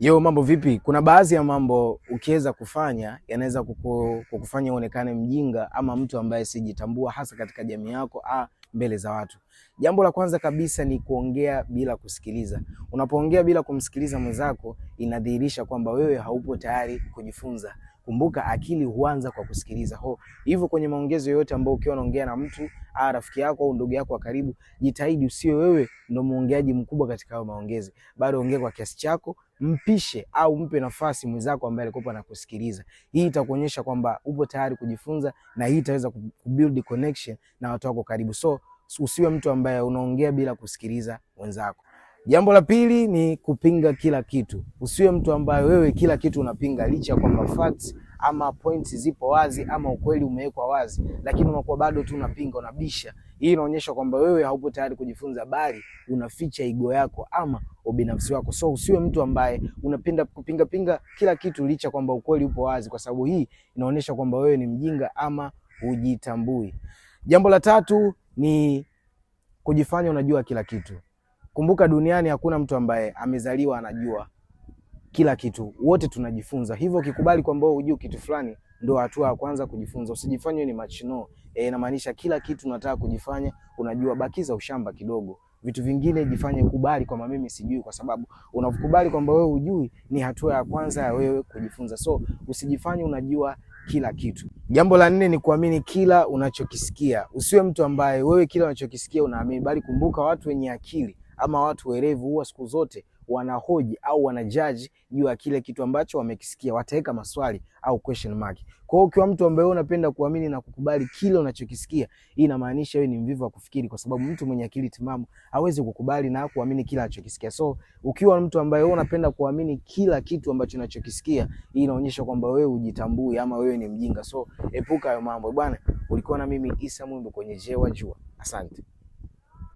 Yo, mambo vipi? Kuna baadhi ya mambo ukiweza kufanya yanaweza kukufanya uonekane mjinga ama mtu ambaye sijitambua hasa katika jamii yako a mbele za watu. Jambo la kwanza kabisa ni kuongea bila kusikiliza. Unapoongea bila kumsikiliza mwenzako, inadhihirisha kwamba wewe haupo tayari kujifunza. Kumbuka akili huanza kwa kusikiliza. Ho, hivyo kwenye maongezo yote ambayo ukiwa unaongea na mtu au rafiki yako au ndugu yako wa karibu, jitahidi usio wewe ndo muongeaji mkubwa katika hayo maongezi. Bado ongea kwa kiasi chako, mpishe au mpe nafasi mwenzako ambaye alikuwa anakusikiliza. Hii itakuonyesha kwamba upo tayari kujifunza na hii itaweza kubuild connection na watu wako karibu. So usiwe mtu ambaye unaongea bila kusikiliza wenzako. Jambo la pili ni kupinga kila kitu. Usiwe mtu ambaye wewe kila kitu unapinga, licha kwamba facts ama points zipo wazi ama ukweli umewekwa wazi, lakini unakuwa bado tu unapinga, unabisha. Hii inaonyesha kwamba wewe haupo tayari kujifunza, bali unaficha ego yako ama ubinafsi wako. So usiwe mtu ambaye unapenda kupinga pinga kila kitu, licha kwamba ukweli upo wazi, kwa sababu hii inaonyesha kwamba wewe ni mjinga ama hujitambui. Jambo la tatu ni kujifanya unajua kila kitu. Kumbuka duniani hakuna mtu ambaye amezaliwa anajua kila kitu, wote tunajifunza. Hivyo ukikubali kwamba wewe hujui kitu fulani, ndo hatua ya kwanza kujifunza. Usijifanye ni machino e, inamaanisha kila kitu unataka kujifanya unajua. Bakiza ushamba kidogo, vitu vingine jifanye kubali kwamba mimi sijui, kwa sababu unakubali kwamba wewe hujui ni hatua ya kwanza ya wewe kujifunza. So usijifanye unajua kila kitu. Jambo la nne ni kuamini kila unachokisikia. Usiwe mtu ambaye wewe kila unachokisikia unaamini, bali kumbuka watu wenye akili ama watu werevu huwa siku zote wanahoji au wanajaji juu ya kile kitu ambacho wamekisikia, wataweka maswali au question mark. Kwa hiyo ukiwa mtu ambaye unapenda kuamini na kukubali kile unachokisikia, hii inamaanisha wewe ni mvivu wa kufikiri, kwa sababu mtu mwenye akili timamu hawezi kukubali na kuamini kila anachokisikia. So ukiwa mtu ambaye wewe unapenda kuamini kila kitu ambacho unachokisikia, hii inaonyesha kwamba wewe hujitambui ama wewe ni mjinga. So epuka hayo mambo bwana. Ulikuwa na mimi Isa Mwimbo kwenye Jewa Jua. Asante.